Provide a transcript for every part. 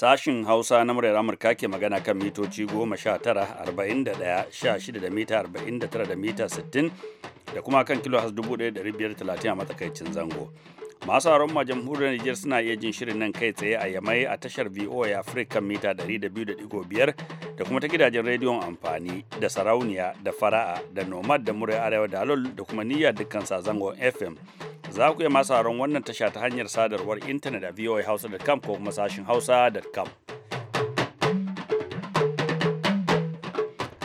Sashin Hausa na muryar Amurka ke magana kan mitoci goma sha da ɗaya, sha mita arba'in da mita sittin da kuma kan kilo has a matsakaicin zango. Masu haron ma jamhuriyar Nijar suna iya jin shirin nan kai tsaye a Yamai a tashar VOA Africa kan mita 200.5 da kuma ta gidajen rediyon amfani da sarauniya da fara'a da nomad da murai arewa da alol da kuma niyya dukkan sa zangon FM. Za ku iya masu sauraron wannan tasha ta hanyar sadarwar intanet a voahausa.com ko kuma sashin hausa.com.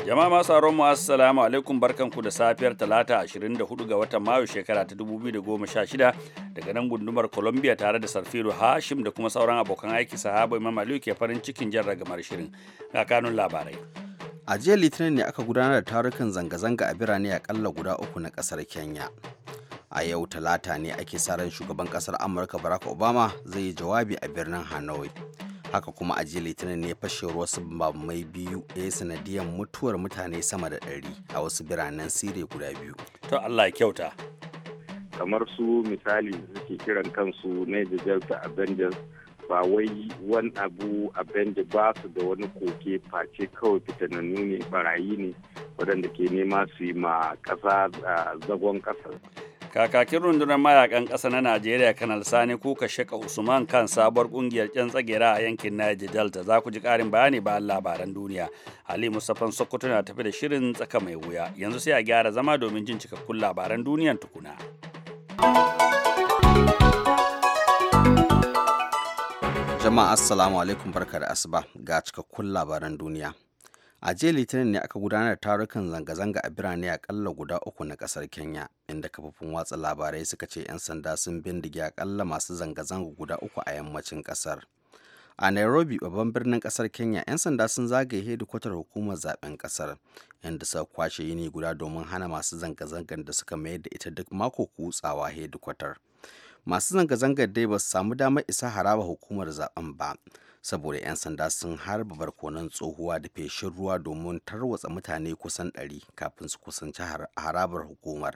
Jama'a masu sauraron mu assalamu alaikum barkanku da safiyar talata 24 ga watan Mayu shekara ta 2016 daga nan gundumar Columbia tare da Sarfiru Hashim da kuma sauran abokan aiki sahaba Imam Aliyu ke farin cikin jan ragamar shirin ga kanun labarai. A jiya Litinin ne aka gudanar da tarukan zanga-zanga a birane a kalla guda uku na kasar Kenya. a yau talata ne ake sa ran shugaban kasar amurka barack obama zai yi jawabi a birnin hanoi haka kuma a jiya litinin ne fashewar wasu mai biyu ya yi sanadiyar mutuwar mutane sama da ɗari a wasu biranen sire guda biyu to allah kyauta kamar su misali suke kiran kansu na delta avengers ba wai wani abu abin da ba su da wani koke face kawai fitanannu ne barayi ne waɗanda ke nema su yi ma ƙasa zagon ƙasa kakakin rundunar mayakan ƙasa na najeriya kanal sani kuka sheka usman kan sabuwar ƙungiyar ƙyan tsagera a yankin niger delta za ku ji ƙarin bayani bayan labaran duniya ali musafan sokoto na tafi da shirin tsaka mai wuya yanzu sai a gyara zama domin jin cikakkun labaran duniyan tukuna jama'a assalamu alaikum barka da asuba ga cikakkun labaran duniya a jiya litinin ne aka gudanar da tarukan zanga-zanga a birane akalla guda uku na kasar kenya inda kafofin watsa labarai suka ce 'yan sanda sun bindige akalla masu zanga-zanga guda uku a yammacin kasar a nairobi babban birnin kasar kenya 'yan sanda sun zagaye hedikwatar hukumar zaben kasar inda suka kwashe yini guda domin hana masu zanga-zangar da suka mayar da ita duk mako kutsawa hedikwatar masu zanga-zangar dai ba su samu damar isa haraba hukumar zaben ba saboda 'yan sanda sun harba barkonan tsohuwa da feshin ruwa domin tarwatsa mutane kusan 100 kafin su kusanci harabar hukumar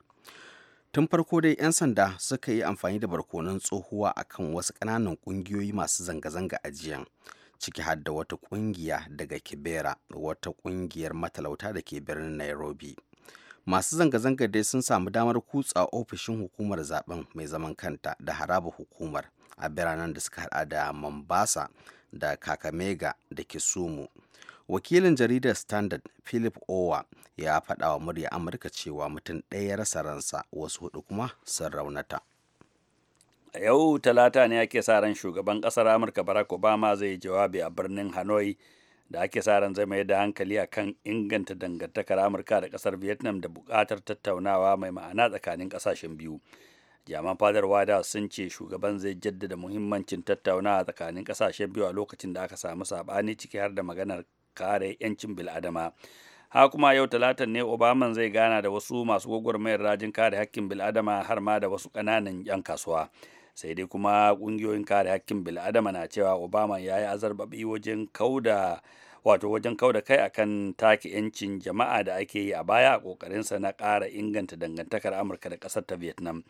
tun farko dai 'yan sanda suka yi amfani da barkonan tsohuwa akan wasu ƙananan ƙungiyoyi masu zanga-zanga a jiyan ciki har da wata ƙungiya daga kibera wata ƙungiyar matalauta da ke birnin nairobi masu zanga-zanga dai sun samu damar kutsa ofishin hukumar zaben mai zaman kanta da haraba hukumar a biranen da suka hada da mombasa da kakamega da kisumu wakilin jaridar standard philip owa ya faɗa wa murya amurka cewa mutum ɗaya ya rasa ransa wasu hudu kuma sun raunata a yau talata ne ake sa ran shugaban ƙasar amurka barack obama zai yi jawabi a birnin hanoi da ake sa ran zai mai da hankali a kan inganta dangantakar amurka da ƙasar vietnam da buƙatar tattaunawa mai ma'ana tsakanin ƙasashen biyu jaman fadar wada sun ce shugaban zai jaddada muhimmancin tattaunawa tsakanin kasashen biyu a lokacin da aka samu sabani ciki har da maganar kare 'yancin bil'adama ha kuma yau talatan ne obama zai gana da wasu masu gwagwarmayar rajin kare hakkin bil'adama har ma da wasu ƙananan 'yan kasuwa sai dai kuma kungiyoyin kare hakkin bil'adama na cewa obama ya yi azarbaɓi wajen kauda wato wajen kau da kai akan take 'yancin jama'a da ake yi a baya a sa na ƙara inganta dangantakar amurka da ƙasar ta vietnam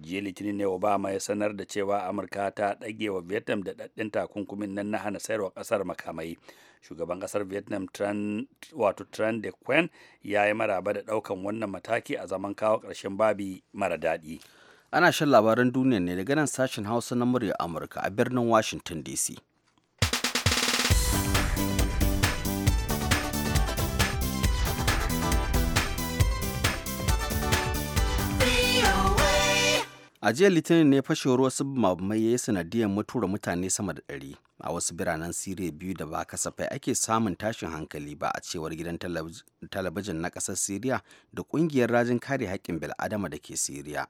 jiya litinin ne obama ya sanar da cewa amurka ta ɗage wa vietnam da ɗaɗɗin takunkumin nan na hana sayarwa ƙasar makamai shugaban ƙasar vietnam wato tran de quen ya yi maraba da ɗaukan wannan mataki a zaman kawo ƙarshen babi mara daɗi ana shan labaran duniya ne daga nan sashen hausa na murya amurka a birnin washington dc a jiya litinin ne fashewar wasu mabamai ya yi sanadiyar mutuwar mutane sama da ɗari a wasu biranen siriya biyu da ba kasafai ake samun tashin hankali ba a cewar gidan talabijin na ƙasar siriya da ƙungiyar rajin kare haƙƙin bil'adama da ke siriya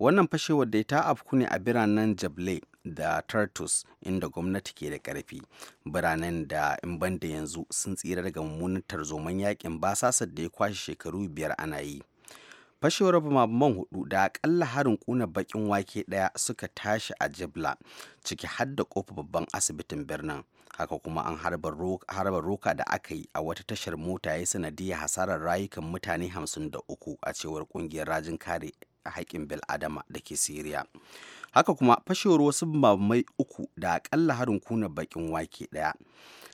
wannan fashewar da ta afku ne a biranen jable da tartus inda gwamnati ke da karfi biranen da in banda yanzu sun tsira daga mummunan tarzoman yakin basasar da ya kwashe shekaru biyar ana yi fashewar bumabuman hudu da akalla harin kuna bakin wake daya suka tashi a jibla ciki har da kofa babban asibitin birnin haka kuma an harbar roka da aka yi a wata tashar mota ya sanadiya hasarar rayukan mutane 53 a cewar kungiyar rajin kare haƙƙin bil'adama da ke siriya haka kuma fashewar wasu mai uku da akalla harin kuna bakin wake daya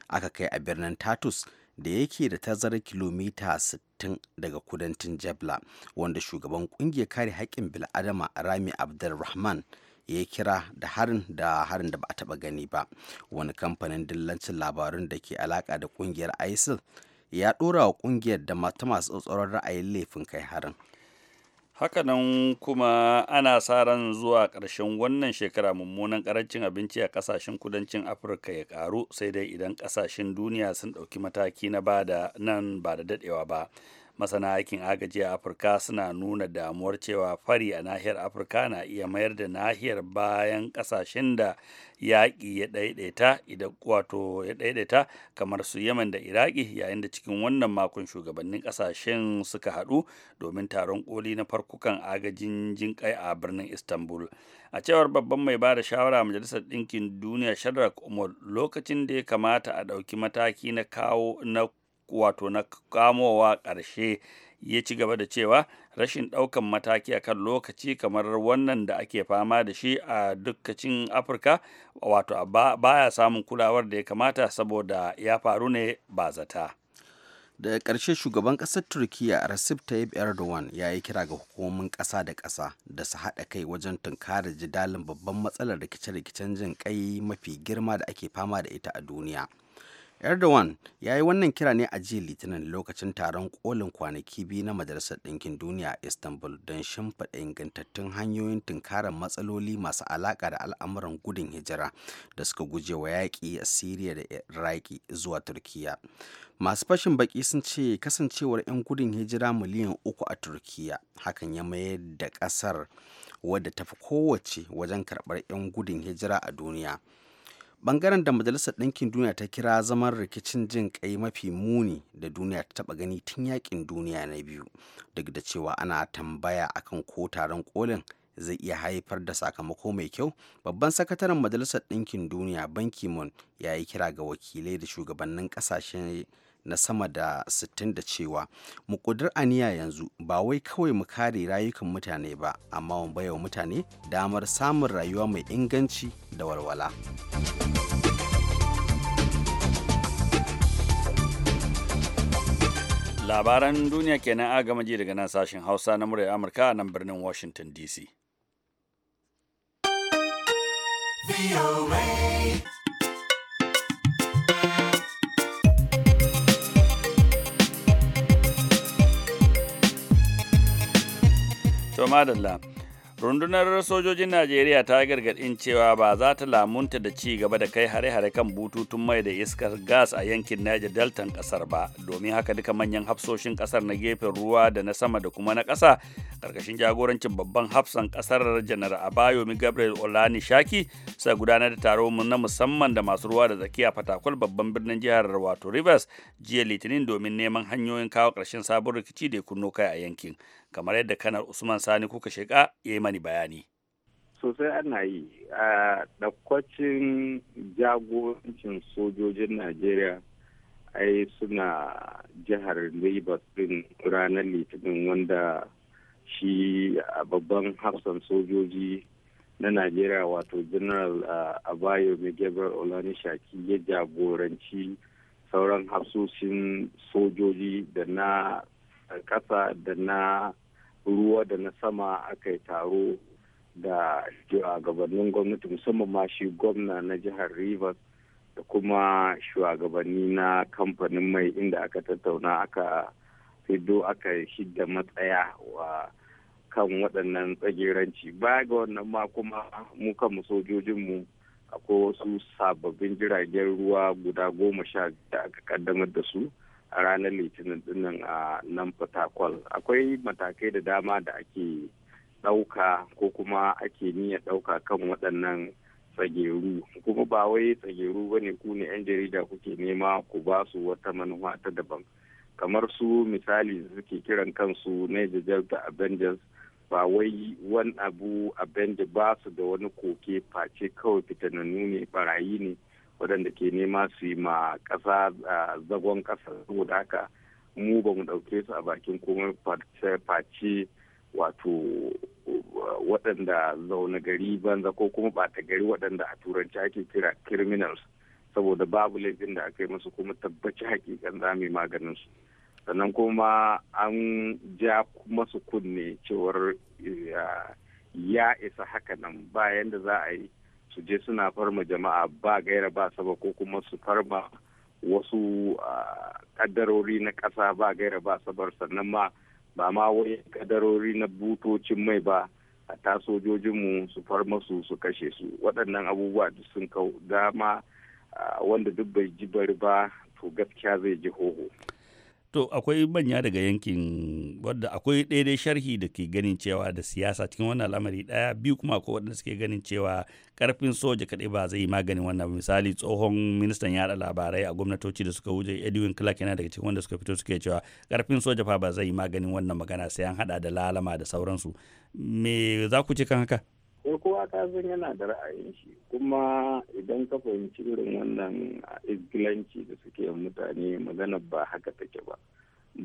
aka kai a birnin tatus da yake da tazarar kilomita 60 daga kudancin jabla wanda shugaban kungiyar kare haƙƙin bil'adama rami abdulrahman ya kira da harin da harin da ba a taɓa gani ba wani kamfanin dillancin labarun da ke alaƙa da kungiyar isil ya ɗora wa kungiyar da mata masu tsatsauran ra'ayin laifin kai harin hakanan kuma ana sa ran zuwa ƙarshen wannan shekara mummunan ƙarancin abinci a ƙasashen kudancin afirka ya ƙaru sai dai idan ƙasashen duniya sun ɗauki mataki na ba da nan ba da daɗewa ba masana aikin agaji a afirka suna nuna damuwar cewa fari a nahiyar afirka na iya mayar da nahiyar bayan kasashen da yaƙi ya ɗaiɗaita idan wato ya ɗaiɗaita kamar su yaman da iraki yayin da cikin wannan makon shugabannin kasashen suka haɗu domin taron koli na farkukan agajin jinƙai a birnin istanbul a cewar babban mai bada shawara a majalisar ɗinkin duniya shadrach umar lokacin da ya kamata a ɗauki mataki na kawo na wato na kamowa ƙarshe ya ci gaba da cewa rashin ɗaukan mataki a kan lokaci kamar wannan da ake fama da shi a dukkacin afirka wato baya samun kulawar da ya kamata saboda ya faru ne ba zata da karshe shugaban ƙasar turkiya recep tayyip erdogan ya yi kira ga hukumomin ƙasa da ƙasa da su haɗa kai wajen tunkara jidalin babban matsalar rikice-rikicen jin ƙai mafi girma da ake fama da ita a duniya Erdogan ya yi wannan kira ne a jiya Litinin lokacin taron kolin kwanaki biyu na Majalisar Ɗinkin Duniya a Istanbul don shimfiɗa ingantattun hanyoyin tunkarar matsaloli masu alaƙa da al'amuran gudun hijira da suka guje wa yaƙi a Siriya da Iraki zuwa Turkiya. Masu fashin baki sun ce kasancewar 'yan gudun hijira miliyan uku a Turkiya hakan ya mayar da ƙasar wadda ta fi kowace wajen karɓar 'yan gudun hijira a duniya. bangaren da majalisar ɗinkin duniya ta kira zaman rikicin jin kai mafi muni da duniya ta taɓa gani tun yakin duniya na biyu duk da cewa ana tambaya akan ko taron kolin zai iya haifar da sakamako mai kyau babban sakataren majalisar ɗinkin duniya ban mun ya yi kira ga wakilai da shugabannin ƙasashe na sama da 60 da cewa mu a aniya yanzu ba wai kawai mu kare rayukan mutane ba amma mu baiwa mutane damar samun rayuwa mai inganci da walwala. Labaran duniya kenan a gama ji daga nan sashen Hausa na muryar Amurka a nan birnin Washington DC. To madalla. rundunar sojojin najeriya ta gargadin cewa ba za ta lamunta da ci gaba da kai hare-hare kan bututun mai da iskar gas a yankin niger deltan kasar ba domin haka duka manyan hafsoshin kasar na gefen ruwa da na sama da kuma na kasa karkashin jagorancin babban hafsan kasar janar abayomi gabriel olani shaki sai gudanar da taro na musamman da masu ruwa da tsakiya fatakwal babban birnin jihar wato rivers jiya litinin domin neman hanyoyin kawo ƙarshen sabon rikici da kunno kai a yankin kamar yadda kanar usman sani kuka shiga ya yi mani bayani sosai ana yi a ɗaukacin jagorancin sojojin najeriya ai suna jihar Rivers din ranar litinin wanda shi babban hafsan sojoji na najeriya wato general abayo gabriel olanishaki ya jagoranci sauran hafsoshin sojoji da na kasa da na ruwa da na sama aka yi taro da shugabannin gwamnati musamman ma shi gwamna na jihar rivers da kuma shugabanni na kamfanin mai inda aka tattauna aka fido aka shidda matsaya wa kan waɗannan tsageranci baya ga wannan ma kuma mu kanmu sojojinmu akwai wasu sababbin jiragen ruwa guda goma sha da aka kaddamar da su a ranar litinin dinnan a nan fatakwal akwai matakai da dama da ake ɗauka ko kuma ake niyya ɗauka kan waɗannan tsageru kuma ba wai tsageru ba ne ku ne 'yan jarida kuke nema ku ba su wata manufa ta daban kamar su misali suke kiran kansu na da avengers ba wai wani abu avengers ba su da wani koke face kawai fitanannu ne barayi ne waɗanda ke nema su yi ma ƙasa zagon ƙasa saboda haka mu ba mu ɗauke su a bakin komai face wato waɗanda zaune gari banza ko kuma ɓata gari waɗanda a turanci ake kira criminals saboda babu laifin da aka yi masu kuma tabbaci hakikan zami maganin su sannan kuma an ja masu kunne cewar ya isa haka nan bayan da za a yi su je suna farma jama'a ba gaira ba saba ko kuma su farma wasu kaddarori na ƙasa ba gaira ba sabar sannan ma ba ma wani kaddarori na butocin mai ba a ta sojojinmu su farma su su kashe su waɗannan abubuwa duk sun kau dama wanda duk bai ji bari ba to gaskiya zai ji hoho To akwai manya daga yankin wadda akwai daidai sharhi da ke ganin cewa da siyasa cikin wannan al'amari ɗaya biyu kuma akwai waɗanda suke ganin cewa karfin soja kaɗai ba zai yi maganin wannan misali tsohon ministan yaɗa labarai a gwamnatoci da suka wuce Edwin Clark yana daga cikin wanda suka fito suke cewa karfin soja fa ba zai yi maganin wannan magana sai an haɗa da lalama da sauransu. Me za ku ce kan haka? sai kowa ka san yana da ra'ayin shi kuma idan ka fahimci irin wannan izgilanci da suke mutane magana ba haka take ba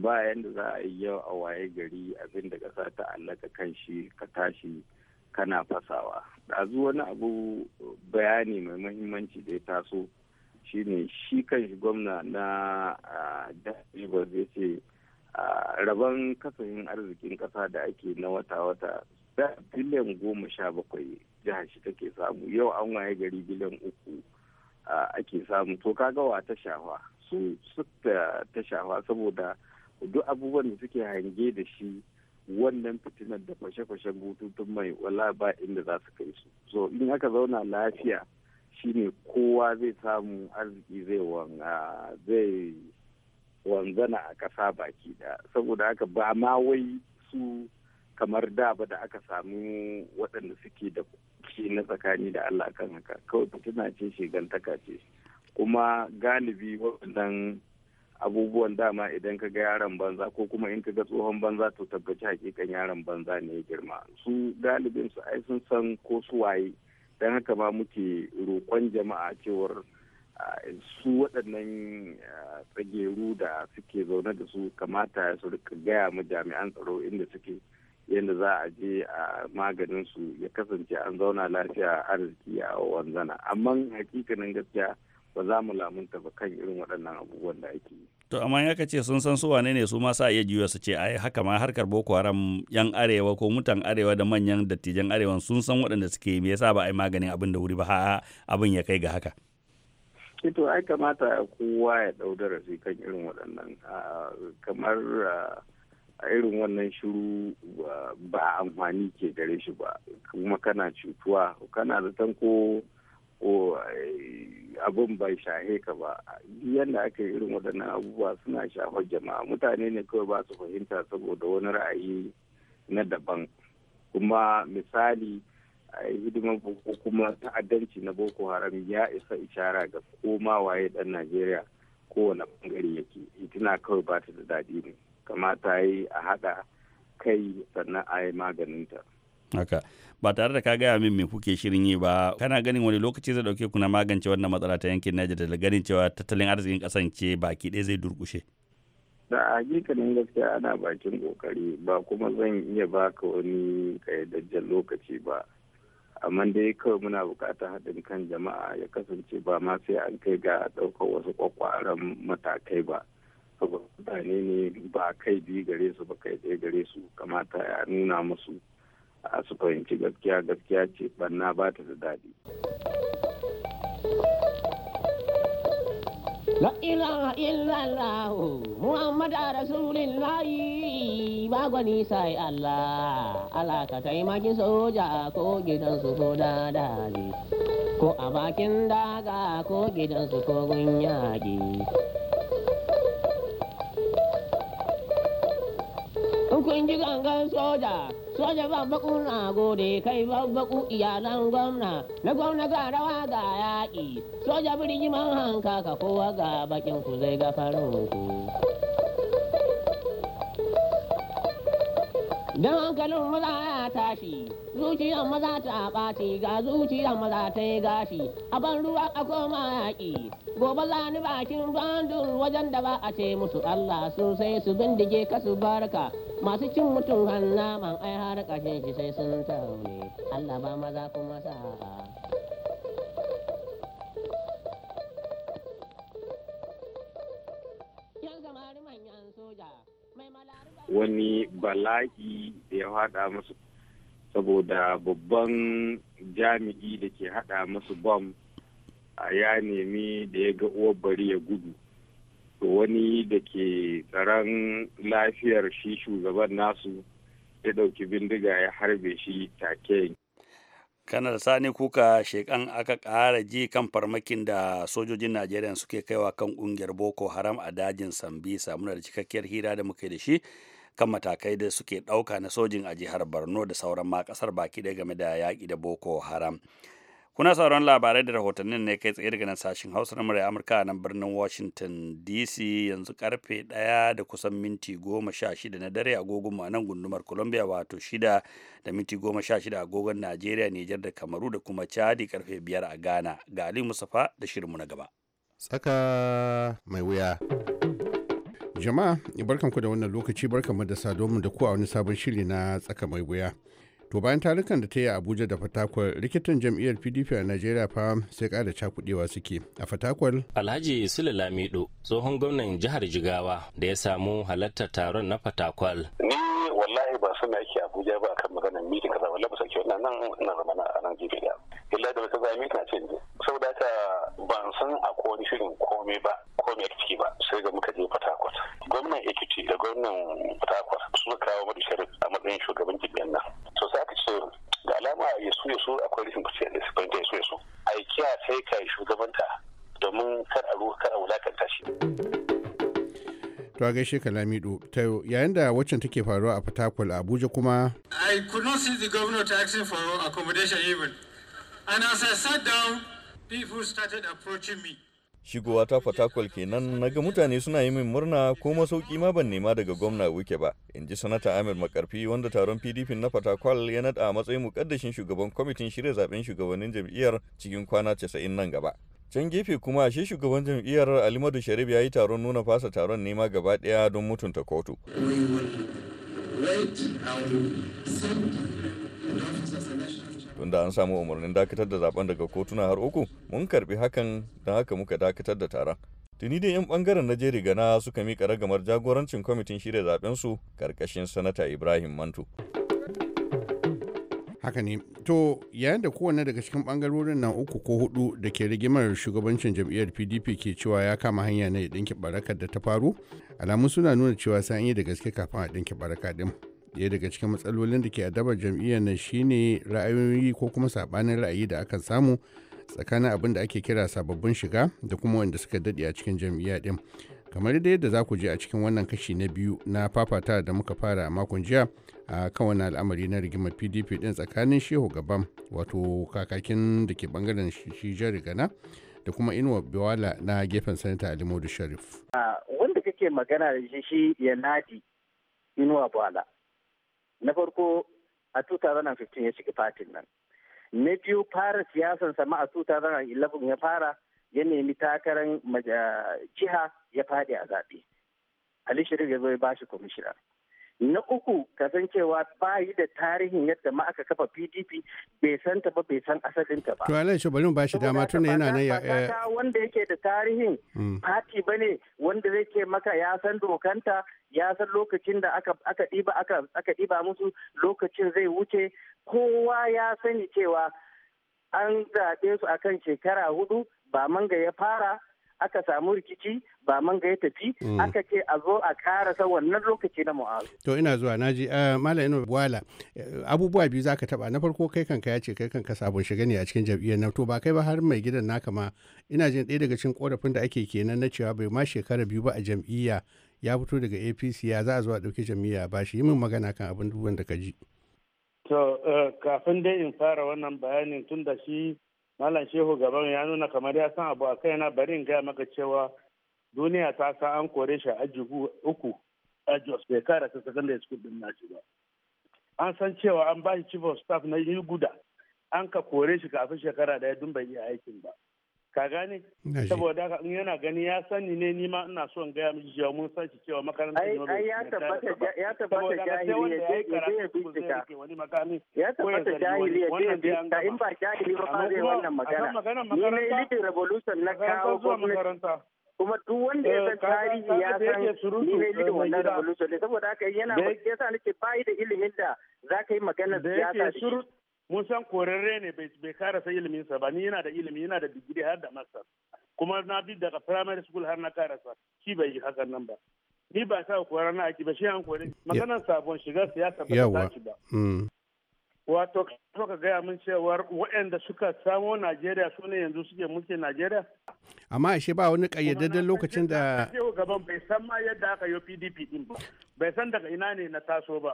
ba yadda za a yi yau a waye gari abin da ka ta allaka kan shi ka tashi kana fasawa ɗazu wani abu bayani mai mahimmanci da ya taso shine shi kan shi gwamna na dajibar zai ce rabon kasafin arzikin kasa da ake na wata-wata da biliyan goma sha bakwai jihar shi take samu yau an waye gari biliyan uku ake samu to kaga wa ta shafa su ta shafa saboda duk abubuwan da suke hange da shi wannan fitinar da fashe-fashen bututun mai wala ba inda za su kai su so in aka zauna lafiya shine kowa zai samu arziki zai zai wanzana a ƙasa baki da saboda haka ba ma wai su kamar da ba da aka samu waɗanda suke da ke na tsakani da Allah kan haka kawai fitina ce shigantaka ce kuma galibi waɗannan abubuwan dama idan ka ga yaron banza ko kuma in ka ga tsohon banza to tabbaci hakikan yaron banza ne ya girma su galibin su ai sun san ko su waye don haka ma muke roƙon jama'a cewar su waɗannan tsageru da suke zaune da su kamata su rika gaya mu jami'an tsaro inda suke yadda za a je a maganin su ya kasance an zauna lafiya arziki a wanzana amma hakikanin gaskiya ba za mu lamunta ba kan irin waɗannan abubuwan da ake yi. To amma ya ce sun san su wane ne su ma sa iya juya su ce ai haka ma harkar Boko Haram yan arewa ko mutan arewa da manyan dattijan arewa sun san waɗanda suke me yasa ba ai maganin abin da wuri ba ha abin ya kai ga haka. Ito eh, ai kamata kowa ya ɗau darasi kan irin waɗannan ah, kamar ah, a irin wannan shiru ba amfani ke gare shi ba kuma kana cutuwa kana zaton ko eh, abin bai shahe ka ba yadda aka yi irin waɗannan abubuwa suna shafar jama'a mutane ne kawai ba su fahimta saboda wani ra'ayi na daban kuma misali a eh, hidimar ko kuma ta'addanci na boko haram ya isa ishara ga koma waye ɗan najeriya kowane bangare yake ituna kawai ba ta da daɗi ne kamata yi a haɗa kai sannan a yi maganinta. Haka ba tare da ka gaya min me kuke shirin yi ba kana ganin wani lokaci zai dauke ku na magance wannan matsala ta yankin Niger da ganin cewa tattalin arzikin kasance baki ɗaya zai durkushe. Da a hakikanin gaskiya ana bakin kokari ba kuma zan iya baka wani kayyadajjen lokaci ba amma dai kawai muna bukatar haɗin kan jama'a ya kasance ba ma sai an kai ga ɗaukar wasu kwakwaran matakai ba. saboda mutane ne ba kai biyu gare su ba kai ɗaya gare su kamata ya nuna musu a su fahimci gaskiya gaskiya ce banna ba ta da daɗi. La ilaha illallah Muhammad Rasulullah ba gwani sai Allah Allah ka soja ko gidan su ko dadali ko a bakin daga ko gidan su ko gun kun ji gangan soja soja ban baku na gode kai ban baku iyalan gwamna na gwamna ga rawa ga yaƙi soja birni man hanka ka kowa ga bakin ku zai ga farin ku don hankalin maza ya tashi zuciyar maza ta ɓaci ga zuciyar maza ta yi gashi a ban ruwa a koma yaƙi gobe za ni bakin bandun wajen da ba a ce musu allah sosai su bindige ka su barka masu cin mutum hanna man ai har ƙashin shi sai sun taune Allah ba maza kuma sa. wani bala'i da ya haɗa musu saboda babban jami'i da ke haɗa musu bom a ya nemi da ya ga uwar bari ya gudu to wani da ke tsaron lafiyar shi shugaban nasu ya dauki bindiga ya harbe shi take kanar sani kuka shekan aka ƙara ji kan farmakin da sojojin najeriya suke kaiwa kan kungiyar boko haram a dajin sambisa muna da cikakkiyar hira da muke da shi kan matakai da suke ɗauka na sojin a jihar borno da sauran ma ƙasar baki ɗaya game da yaƙi da boko haram Kuna sauran labarai da rahotannin ne kai tsaye daga nan sashen Hausa na murya Amurka a nan birnin Washington DC yanzu karfe ɗaya da kusan minti goma sha shida na dare agogon mu nan gundumar Columbia wato shida da minti goma sha shida agogon Najeriya, Nijar da Kamaru da kuma Chadi karfe biyar a Ghana. Ga Ali Mustapha da shirinmu na gaba. Tsaka mai wuya. Jama'a, barkanku da wannan lokaci barkanmu da saduwa da ku a wani sabon shiri na tsaka mai wuya. to bayan tarukan da ta yi abuja da fatakwal rikitan jam'iyyar pdp a najeriya fa sai kada cakudewa suke a fatakwal alhaji sule lamido tsohon gwamnan jihar jigawa da ya samu halartar taron na fatakwal ni wallahi ba suna yake abuja ba kan maganar mitin kaza wallahi ba sake wannan nan ina zama a nan jibi illa da wata zami ta ce ne saboda haka ban san a wani shirin komai ba komai a ciki ba sai ga muka je Fatakwal. gwamnan ekiti da gwamnan fatakwat su kawo madu sharif a matsayin shugaban jirgin nan to sai aka ce da alama ya su ya su akwai rashin kuciyar da su ya su ya su a yi kiya sai ka shugabanta domin kar a ruwa kar a wulakanta shi. to a gaishe ta ta yayin da waccan take faruwa a fatakwal abuja kuma i could not see the governor taxing for accommodation even And as I sat down, people started approaching me. Shigowa ta fatakwal kenan na ga mutane suna yi min murna ko masauki ma ban nema daga gwamna wuke ba, in ji sanata Amir Makarfi wanda taron PDP na fatakwal ya nada a matsayin mukaddashin shugaban kwamitin shirya zaben shugabannin jam'iyyar cikin kwana 90 nan gaba. can gefe kuma shi shugaban jam'iyyar alimadu sharif ya yi taron nuna fasa taron nema gaba daya don mutunta kotu tunda an samu umarnin dakatar da zaben daga kotuna har uku mun karbi hakan da haka muka dakatar da taron tuni da 'yan bangaren na jeri gana suka mika ragamar jagorancin kwamitin shirya zaben su karkashin sanata ibrahim mantu haka ne to yayin da kowanne daga cikin bangarorin nan uku ko hudu da ke rigimar shugabancin jam'iyyar pdp ke cewa ya kama hanya na ya dinki barakar da ta faru alamun suna nuna cewa sa'an yi da gaske kafin a dinki baraka din ɗaya daga cikin matsalolin da ke adaba jam'iyyar nan shine ra'ayoyi ko kuma saɓanin ra'ayi da akan samu tsakanin abin da ake kira sababbin shiga da kuma wanda suka daɗe a cikin jam'iyya ɗin kamar dai yadda za ku je a cikin wannan kashi na biyu na fafata da muka fara a makon jiya a kan wani al'amari na rigimar pdp ɗin tsakanin shehu gaban wato kakakin da ke bangaren shi jarigana da kuma inuwa biwala na gefen sanata alimodu sharif wanda kake magana da shi yanadi inuwa biwala na farko a 2015 ya shiga fatin nan na biyu fara siyasan sama a 2011 ya fara ya nemi takarar jiha ya fadi a zaɓe ali sharif ya zo ya bashi kwamishina na uku kasancewa ba yi da tarihin yadda ma aka kafa pdp bai san ta ba bai san asalin ta ba to alai shi bari ba shi dama tun yana nan ya eh, wanda yake da tarihin party mm. bane wanda zai ke maka ya san dokanta ya san lokacin da aka aka diba aka aka diba musu lokacin zai wuce kowa ya sani cewa an zaɓe su akan shekara hudu ba manga ya fara aka samu rikici ba man ga ya tafi mm. aka ce a zo a karasa wannan lokaci na mu'azu. To ina zuwa na ji eh, Malam Inu Wala eh, abubuwa biyu zaka taba na farko kai kanka ya ce kai kanka sabon shiga ne a cikin jam'iyyar na to ba kai ba har mai gidan naka ma ina jin ɗaya daga cikin korafin da ake kenan na cewa bai ma shekara biyu ba a jam'iyya ya fito daga APC ya za a zo a ɗauki jam'iyya ba shi yi min magana kan abin da ka ji. To eh, kafin dai in fara wannan bayanin tun da shi malam shehu gaban ya nuna kamar ya san abu a kaina bari in gaya maka cewa duniya ta sa an kore shi a aji uku a jos bai kara ta secondary school din nashi ba an san cewa an ba shi chief staff na guda an ka kore shi kafin shekara daya dun bai iya aikin ba ka gane saboda haka in yana gani ya sani ne ni ma ina son gaya miki cewa mun san shi cewa makaranta ne ai ya tabbata ya tabbata jahili ya je ya bincika wani makami ya tabbata jahili ya je ya bincika in ba jahili ba ba zai wannan magana ni ne little revolution na kawo makaranta kuma duk wanda ya eh, san tarihi ya san ni ne da eh, wannan revolution saboda haka yana yasa nake bai da ilimin da za yi magana siyasa da shi mun san korarre ne bai karasa iliminsa ba ni yana da ilimi yana da digiri har da master kuma na bi daga primary school har na karasa shi bai yi hakan nan ba ni ba sa korar na aiki ba shi an kore maganar sabon shiga siyasa ba ta ba mm. wato ka gaya min cewar waɗanda suka samo najeriya su ne yanzu suke mulki najeriya amma ashe ba wani kayyadadden lokacin da gaban bai san ma yadda aka yi pdp din ba bai san daga ina ne na taso ba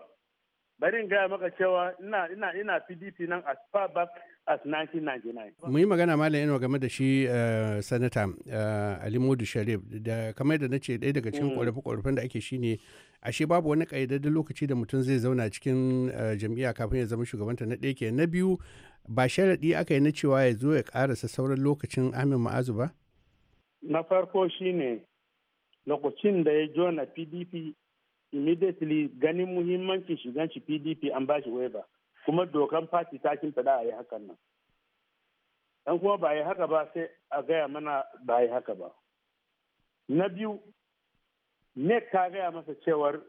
bari in gaya maka cewa ina PDP nan as far back as 1999. Mu yi magana Malam Eno game da shi eh, Sanata eh, Ali Modu Sharif da kamar da nace ɗaya daga cikin mm. ƙorafe-ƙorafen da ake shi ne ashe babu wani ƙayyadaddun lokaci da mutum zai zauna cikin eh, jam'iyya kafin ya zama shugabanta na ɗaya ke na biyu ba sharaɗi aka yi na cewa ya zo ya ƙarasa sauran lokacin Amin Ma'azu ba? Na farko shine lokacin da ya jona PDP immediately ganin muhimmancin shigan shi pdp an bashi waiba kuma dokan fati ta kin fada a yi hakan nan dan kuma ba yi haka ba sai a gaya mana ba yi haka ba na biyu ne ta gaya masa cewar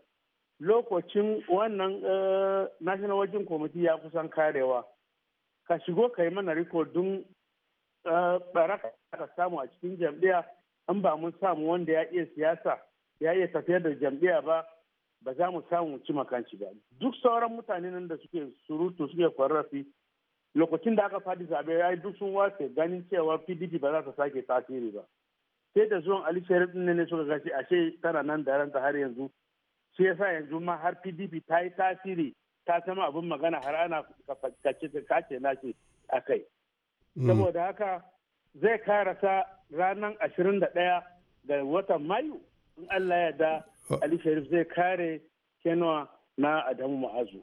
lokacin wannan eh, national wajen kwamiti ya kusan karewa ka shigo ka yi mana rikodin ɓaraka eh, baraka ka samu a cikin jam'iyya an ba mun samu wanda ya iya siyasa ya iya tafiyar da jam'iyya ba ba za mu samu ci makanci ba duk sauran mutane nan da suke surutu suke kwarrafi lokacin da aka fadi zabe ya yi duk sun wace ganin cewa pdp ba za ta sake tasiri ba sai da zuwan ali sharif ne ne suka gashi ashe tana nan da ranta har yanzu shi yasa yanzu ma har pdp ta yi tasiri ta zama abin magana har ana kace ce a kai mm. saboda haka zai karasa ranar ashirin da ɗaya ga watan mayu in allah ya da Oh. Ali Sharif zai kare Kenwa na Adamu Ma'azu.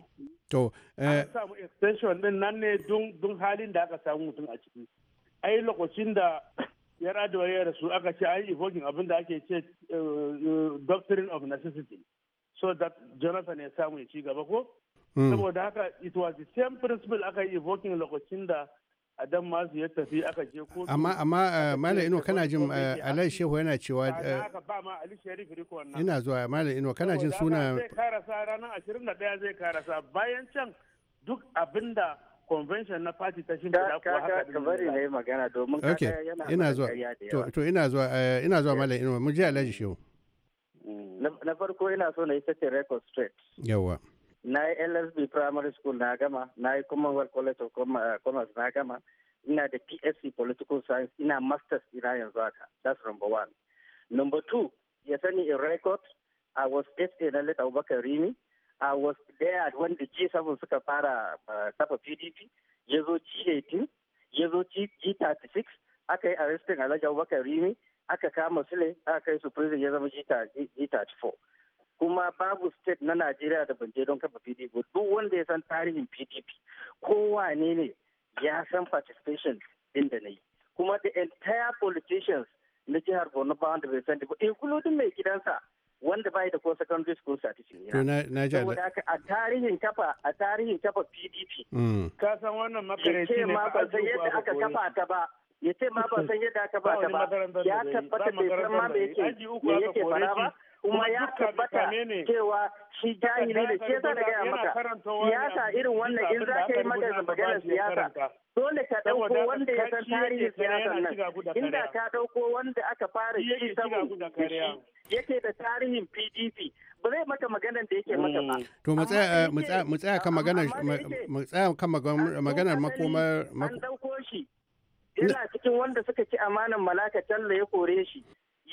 To, eh samu extension din nan ne dun halin da aka samu mutum a ciki. Ai lokacin da ya raduwa ya rasu aka ce an evoking abin da ake ce eh, eh, doctrine of necessity so that Jonathan ya samu ya ci gaba ko? Hmm. Saboda haka it was the same principle aka yi evoking lokacin da dan ma su ya tafi aka je ko amma amma eh, malam ino kana jin alai eh, shehu yana cewa eh, aka ba ma ali sharif riko wannan ina zuwa malam ino kana jin suna zai karasa ranar 21 zai karasa bayan can duk abinda convention na party ta shin da kuwa haka ka bari na yi magana domin kaga yana ina zuwa to to ina zuwa ina zuwa malam ino mu ji alai shehu na farko ina so na yi set record straight yawa na yi lsb primary school na gama na yi commonwealth college of eh, commerce na gama ina da psc political science ina masters ina yanzu haka that's number one number two ya sani in record i was eight na lita abubakar rimi i was there when the g7 suka fara eh, kafa pdp ya zo g18 ya zo g36 aka yi arrestin alhaji abubakar rimi aka kama sule aka kai su prison ya zama g34 kuma babu state na najeriya da banje don kafa pdp duk wanda ya san tarihin pdp kowa ne ne ya san participation din da na yi kuma the entire politicians na jihar borno ba wanda bai san da including mai gidansa wanda bai da ko secondary school certificate na ji a tarihin kafa a tarihin kafa pdp mm. ka san wannan makaranci ne ba san yadda aka kafa ta ba ya ce ma ba san yadda aka ba ta ba ya tabbata bai san ma me yake me yake fara ba kuma ya tabbata cewa shi jahili ne shi yasa da gaya maka siyasa irin wannan in za ka yi mata maganar siyasa dole ka ɗauko wanda ya san tarihin siyasa nan inda ka ɗauko wanda aka fara ci saboda yake da tarihin pdp ba zai mata maganar da yake mata ba. Mm. To mu tsaya kan maganar mu tsaya kan maganar makomar. An ɗauko shi. Yana cikin wanda suka ci amanan malaka talla ya kore shi.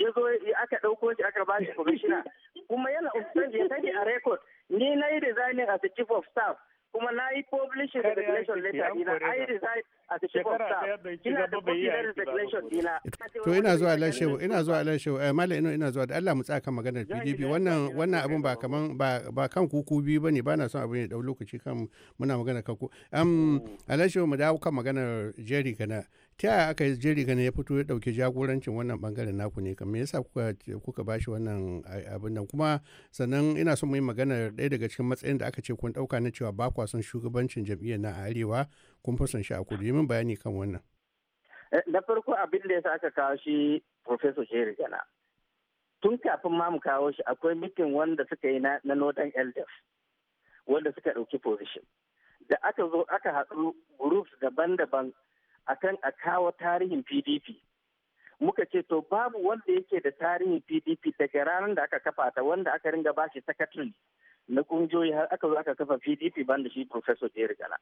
ya zo aka ɗauko shi aka ba shi commissioner kuma yana ofisar ya sani a record ni na yi designing as a chief of staff kuma na yi publishing the declaration letter dina I resign as a chief of staff ina da popular declaration dina to ina zuwa lashewa ina zuwa lashewa eh mallam ino ina zuwa da Allah mu tsaka maganar PDP wannan wannan abun ba kaman ba kan kuku bi bane ba na son abin ya dau lokaci kan muna magana kanku am oh. alashewa mu dawo kan maganar Jerry kana ta yaya aka jeri gane ya fito ya dauke jagorancin wannan bangaren naku ne kamar yasa kuka kuka bashi wannan abin nan kuma sannan ina son yi magana ɗaya daga cikin matsayin da aka ce kun dauka na cewa ba kwa son shugabancin jam'iyyar na arewa kun fi son shi a kudu min bayani kan wannan eh, na farko abin da yasa aka kawo shi professor jerry gana tun kafin ma mu kawo shi akwai mitin wanda suka yi na northern elders wanda suka dauki position da aka zo aka haɗu groups daban-daban akan a kawo tarihin pdp muka ce to babu wanda yake da tarihin pdp daga ranar da aka kafa ta wanda aka ringa bashi sakatari na kungiyoyi har aka zo aka kafa pdp da shi professor jerry gala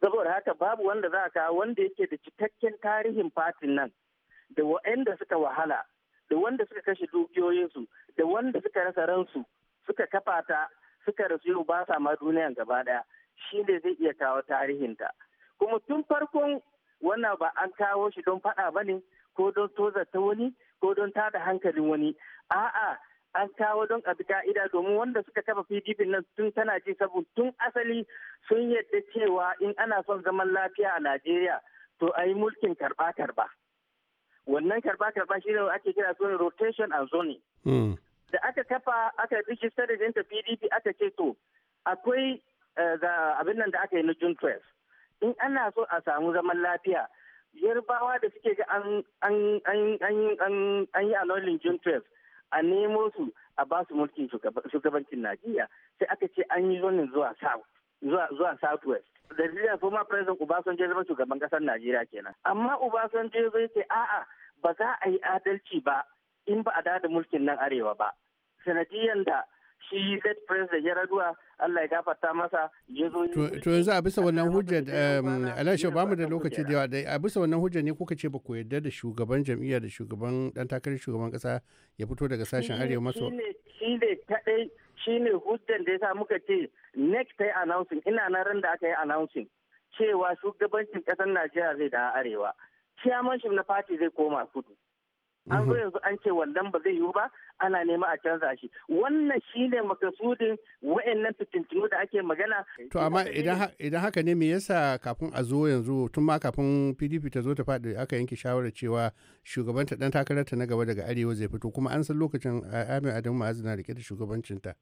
saboda haka babu wanda za a kawo wanda yake da cikakken tarihin fatin nan da wa'anda suka wahala da wanda suka kashe dukiyoyinsu da wanda suka rasa ransu suka kafa ta suka rasu yau ba sa ma duniyan gaba daya shi ne zai iya kawo tarihinta kuma tun farkon wannan ba an kawo shi don faɗa ba ne ko don tozarta wani ko don tada hankalin wani a'a an kawo don abi ka'ida domin wanda suka kafa pdp nan tun tana ji sabu tun asali sun yadda cewa in ana son zaman lafiya a najeriya to a yi mulkin karba karba wannan karba karba shi ne ake kira zone rotation and zone hmm. da aka kafa aka rijista da jinta pdp aka ce to akwai eh, abin nan da aka yi na june 12 in ana so a samu zaman lafiya yarbawa da suke ga an yi alolin june 12 a nemo su a ba su mulkin shugabancin najeriya sai aka ce an yi zonin zuwa south zuwa southwest da jiya former president obasanjo ya zama shugaban kasar najeriya kenan amma obasanjo zai ce a'a ba za a yi adalci ba in ba a da mulkin nan arewa ba sanadiyan da shi late president ya raduwa Allah ya gafarta masa ya zo to yanzu a bisa wannan hujjar um, alasha ba mu da lokaci da yawa a bisa wannan hujjar ne kuka ce ba ku yarda da shugaban jam'iyya da shugaban dan takarar shugaban kasa ya fito daga sashen arewa maso shi ne kadai shi ne hujjar da yasa muka ce next yi announcing ina nan ran da aka yi announcing cewa shugabancin kasar Najeriya zai da arewa chairmanship na party zai koma kudu an zo mhm. yanzu an ce wannan ba zai yiwu ba ana nema a canza shi wannan shine makasudin wa'annan fitintinu da ake magana to amma idan haka ne me yasa kafin a zo yanzu tun ma kafin PDP ta zo ta faɗi aka yanke shawarar cewa shugabanta dan takararta na gaba daga arewa zai fito kuma an san lokacin amin Adamu ma'azina na rike da shugabancinta.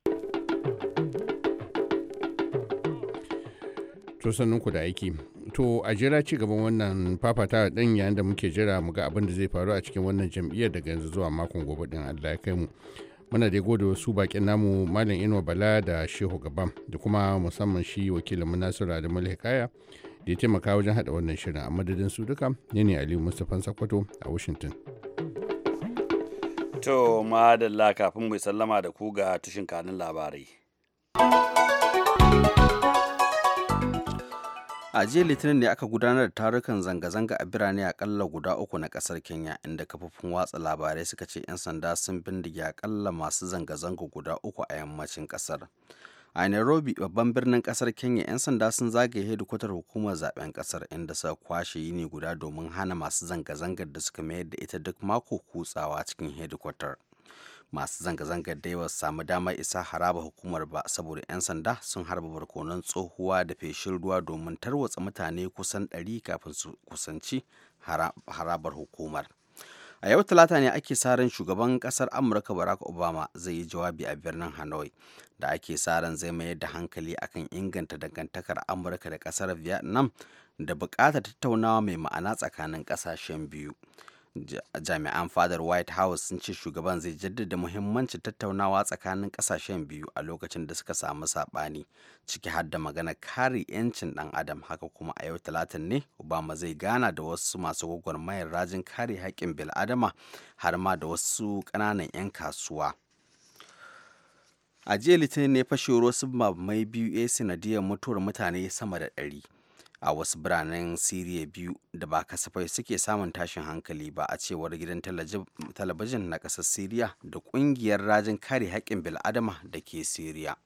to ku da aiki to a jira ci gaban wannan fafatawa dan yayin da muke jira mu ga abin da zai faru a cikin wannan jam'iyyar daga yanzu zuwa makon gobe din Allah ya kai mu muna da gode su bakin namu malam inuwa bala da shehu gaba da kuma musamman shi wakilin mu nasiru da da ya taimaka wajen hada wannan shirin a madadin su duka ne ne aliyu Mustafa sakwato a washington to madalla kafin mu sallama da ku ga tushin kanin labarai a jiya litinin ne aka gudanar da tarukan zanga-zanga a birane akalla guda uku na kasar kenya inda kafofin watsa labarai suka ce 'yan sanda sun bindige akalla masu zanga-zanga guda uku a yammacin kasar a nairobi babban birnin kasar kenya 'yan sanda sun zagaye hedikwatar hukumar zaben kasar inda suka kwashe yini guda domin hana masu zanga-zangar da suka mayar da ita duk mako kutsawa cikin hedikwatar masu zanga-zangar da yawa samu damar isa haraba hukumar ba saboda 'yan sanda sun harba barkonon tsohuwa da feshin ruwa domin tarwatsa mutane kusan 100 kafin su kusanci harabar hukumar a yau talata ne ake sa ran shugaban kasar amurka barack obama zai yi jawabi a birnin hanoi da ake sa ran zai mayar da hankali akan inganta dangantakar amurka da kasar vietnam da bukatar tattaunawa mai ma'ana tsakanin kasashen biyu jami'an fadar white house sun ce shugaban zai jaddada muhimmancin tattaunawa tsakanin kasashen biyu a lokacin da suka samu saɓani ciki har da magana kare 'yancin ɗan adam haka kuma a yau talatin ne obama zai gana da wasu masu gwagwarmayar rajin kare haƙƙin bil'adama har ma da wasu ƙananan 'yan kasuwa a jiya litinin ne fashewar wasu mai biyu ya sanadiyar mutuwar mutane sama da ɗari a wasu biranen siriya biyu da ba kasafai suke samun tashin hankali ba a cewar gidan talabijin na ƙasar siriya da ƙungiyar rajin kare haƙƙin bil'adama da ke siriya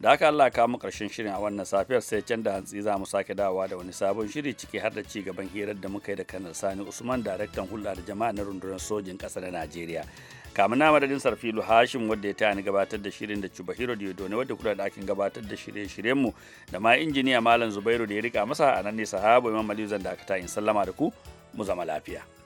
da haka Allah ka mu karshen shirin a wannan safiyar sai can da hantsi za mu sake dawowa da wani sabon shiri ciki har da ci gaban hirar da muka yi da kanar sani usman daraktan hulɗa da jama'a na rundunar sojin ƙasa na najeriya kamun na madadin sarfilu hashim wadda ya tayani gabatar da shirin da da diodone wadda kula da akin gabatar da shirye-shiryenmu da ma injiniya malam zubairu da ya rika masa a nan ne sahabo imam da zan dakata in sallama da ku mu zama lafiya